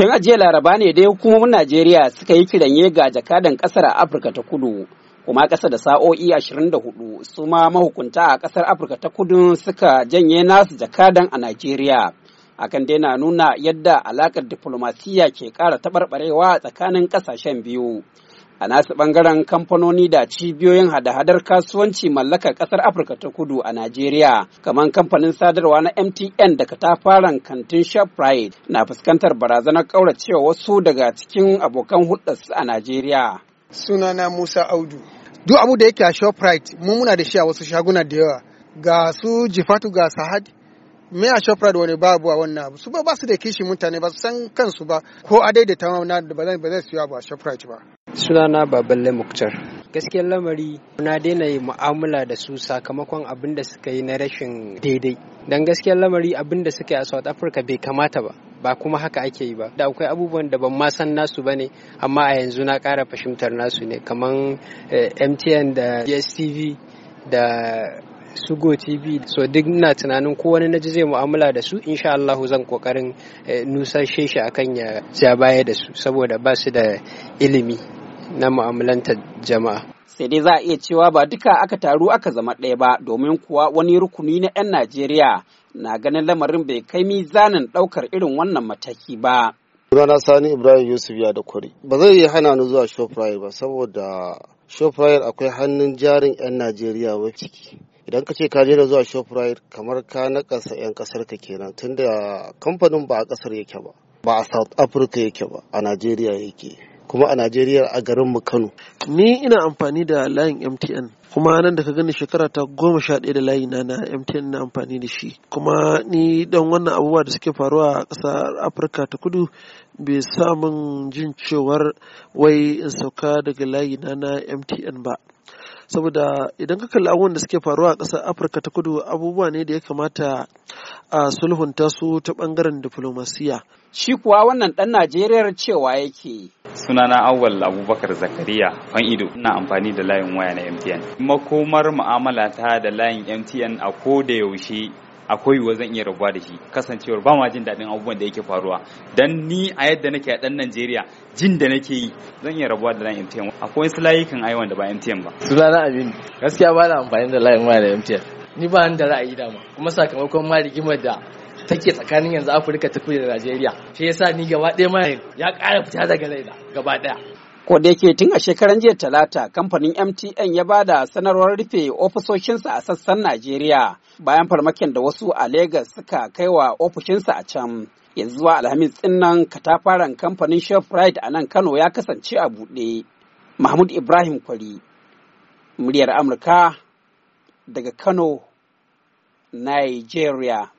Tun a jiya laraba ne dai hukumomin Najeriya suka yi kiranye ga jakadan kasar a Afirka ta kudu. Kuma ƙasa da sa'o'i 24 su ma mahukunta a ƙasar Afirka ta kudu suka janye nasu jakadan a Najeriya. Akan dai na nuna yadda alakar diflomasiyya ke ƙara taɓarɓarewa tsakanin ƙasashen biyu. A nasu bangaren kamfanoni da cibiyoyin hada-hadar kasuwanci mallakar kasar Afirka ta kudu a Najeriya, kamar kamfanin sadarwa na MTN daga fara kantin ShopRite na fuskantar barazanar kauracewa wasu daga cikin abokan hulɗarsu a Najeriya. Sunana Musa Audu. Duk abu da yake a ShopRite, mu muna da shi a wasu shaguna da yawa. Ga su Jifatu ga Sahad, me a ShopRite wani babu a wannan abu su ba su da kishi mutane ba su san kansu ba ko a daidaita na da ba zai siya ba a ShopRite ba sunana baballe muktar gaskiyar lamari na daina yi mu'amala da su sakamakon abin da suka yi na rashin daidai don gaskiyar lamari abin da suka yi a south africa bai kamata ba ba kuma haka ake yi ba da akwai abubuwan da ban ma san nasu ba ne amma a yanzu na kara fashimtar nasu ne kamar eh, mtn da dstv da sugo tv so duk na tunanin ko wani naji zai mu'amala da su insha Allahu zan kokarin eh, nusashe shi akan ya baya da su saboda ba su da ilimi na mu'amalantar jama'a. Sai dai za a iya cewa ba duka aka taru aka zama ɗaya ba domin kuwa wani rukuni na 'yan Najeriya na ganin lamarin bai kai mizanin ɗaukar irin wannan mataki ba. rana Sani Ibrahim Yusuf ya da kwari. Ba zai yi hana ni zuwa Shoprite ba saboda Shoprite akwai hannun jarin 'yan Najeriya wa ciki. Idan ka ce ka je da zuwa Shoprite kamar ka nakasa 'yan kasar ka kenan tunda kamfanin ba a kasar yake ba. Ba a South Africa yake ba, a Najeriya yake. kuma a Najeriya a garin mu Kano. Ni ina amfani da layin MTN kuma nan da ka gani shekara ta goma sha ɗaya da layi na na MTN na amfani da shi kuma ni dan wannan abubuwa da suke faruwa a ƙasar Afirka ta kudu bai samun jin cewar wai in sauka daga layi na na MTN ba. saboda idan ka kalli abubuwan da suke faruwa a ƙasar afirka ta kudu abubuwa ne da ya kamata a sulhunta su ta ɓangaren diflomasiya shi kuwa wannan ɗan najeriyar cewa yake sunana awal abubakar zakariya fan ido ina amfani da layin waya na mtn makomar mu'amala ta da layin mtn a ko da yaushe akwai yiwuwa zan iya rabuwa da shi kasancewar ba ma jin daɗin abubuwan da yake faruwa dan ni a yadda nake a ɗan Najeriya jin da nake yi zan iya rabuwa da layin MTN akwai wasu layukan ai wanda ba MTN ba sunana abin gaskiya ba na amfani da layin waya da MTN ni ba ni da ra'ayi dama kuma sakamakon ma rigimar da take tsakanin yanzu Afirka ta kudu da Najeriya shi yasa ni gaba ɗaya ma ya ƙara fita daga la'ida gaba ɗaya Ko da yake tun a shekaran jiya talata kamfanin MTN ya bada sanarwar rufe ofisoshinsa a sassan Najeriya bayan farmakin da wasu a Legas suka kai wa ofishinsa a can. Yanzu zuwa Alhamis ta katafaren kamfanin ShopRite a nan Kano ya kasance a buɗe. Mahmud Ibrahim Kwari, muryar Amurka daga Kano, Nigeria.